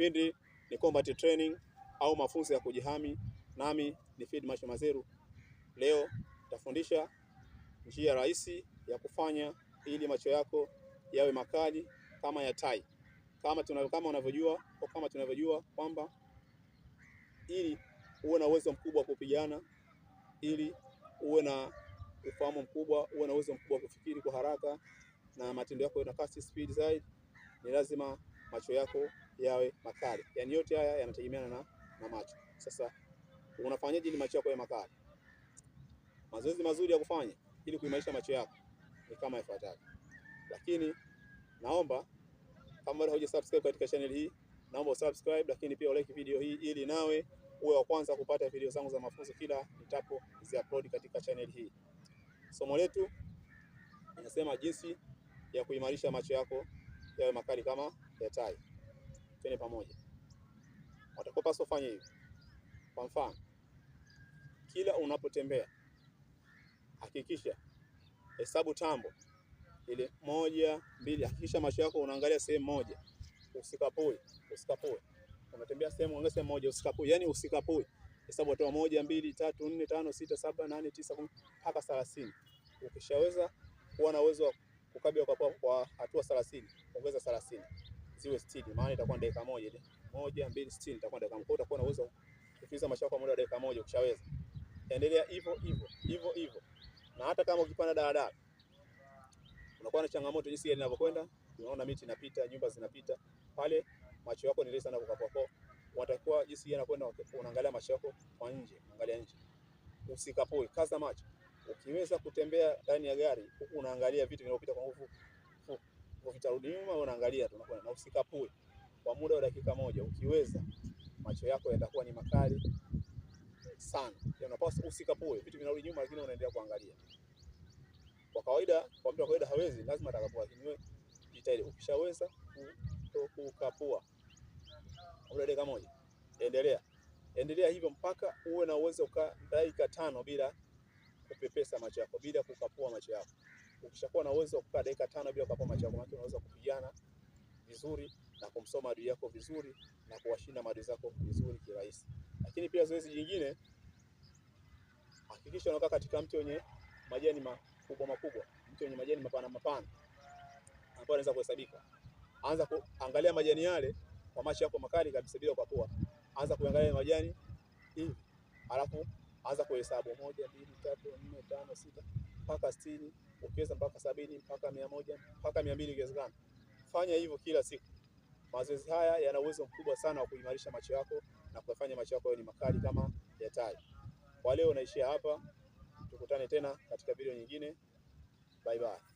Kipindi ni combat training au mafunzo ya kujihami, nami ni Field Marshal Mazeru. Leo tafundisha njia rahisi ya kufanya ili macho yako yawe makali kama ya tai. Kama tuna, kama unavyojua au kama tunavyojua kwamba ili uwe na uwezo mkubwa wa kupigana, ili uwe na ufahamu mkubwa, uwe na uwezo mkubwa wa kufikiri kwa haraka na matendo yako na kasi speed zaidi, ni lazima macho yako yawe makali. Yani yote haya yanategemeana na, na macho. Sasa unafanyaje ili macho yako yawe makali? Mazoezi mazuri ya kufanya ili kuimarisha macho yako ni kama ifuatavyo, lakini naomba kama bado hujasubscribe katika channel hii, naomba usubscribe, lakini pia like video hii ili nawe uwe wa kwanza kupata video zangu za mafunzo kila nitapo ziupload katika channel hii. Somo letu inasema jinsi ya kuimarisha macho yako yawe makali kama ya tai. Twende pamoja. Watakuwa paswa fanya hivi. Kwa mfano, kila unapotembea hakikisha hesabu tambo ile moja mbili, hakikisha macho yako unaangalia sehemu moja, usikapue, usikapue. Unatembea sehemu angalia sehemu moja, usikapue, yani usikapue. Hesabu toa moja mbili tatu nne tano sita saba nane tisa kumi mpaka thelathini. Ukishaweza kuwa na uwezo wa kukabia kwa hatua thelathini, ongeza thelathini ziwe sitini, maana itakuwa dakika moja ile. Moja, mbili, sitini itakuwa dakika moja. Utakuwa na uwezo mashaka kwa muda wa dakika moja ukishaweza. Endelea hivyo hivyo, hivyo hivyo. Na hata kama ukipanda daladala unakuwa na changamoto jinsi inavyokwenda, unaona miti inapita, nyumba zinapita. Pale macho yako ni sana kukapoa. Unatakiwa jinsi yanakwenda unaangalia macho yako kwa nje, unaangalia nje. Usikapoi, kaza macho. Ukiweza kutembea ndani ya gari huku unaangalia vitu vinavyopita kwa nguvu, Ukitarudi nyuma unaangalia tu na usikapue kwa muda wa dakika moja, ukiweza macho yako yatakuwa ni makali sana. Yaani unapaswa usikapue, vitu vinarudi nyuma, lakini unaendelea kuangalia. Kwa kawaida, kwa mtu wa kawaida hawezi, lazima atakapua, lakini jitahidi ukishaweza kukapua muda wa dakika moja, endelea endelea hivyo mpaka uwe na uwezo kwa dakika tano bila kupepesa macho yako, bila kukapua macho yako. Ukishakuwa na uwezo wa kukaa dakika tano bila kupata macho yako, unaweza kupigana vizuri na kumsoma adui yako vizuri na kuwashinda maadui zako vizuri kirahisi. Lakini pia zoezi jingine, hakikisha unakaa katika mti wenye majani makubwa makubwa, mti wenye majani mapana mapana ambayo anaweza kuhesabika. Anza kuangalia majani yale kwa macho yako makali kabisa bila kupua. Anza kuangalia majani hivi, alafu anza kuhesabu moja, mbili, tatu, nne, tano, sita mpaka sitini, ukiweza mpaka sabini, mpaka mia moja, mpaka mia mbili ukiwezekana Fanya hivyo kila siku. Mazoezi haya yana uwezo mkubwa sana wa kuimarisha macho yako na kufanya macho yako ni makali kama ya tai. Kwa leo naishia hapa, tukutane tena katika video nyingine. Bye bye.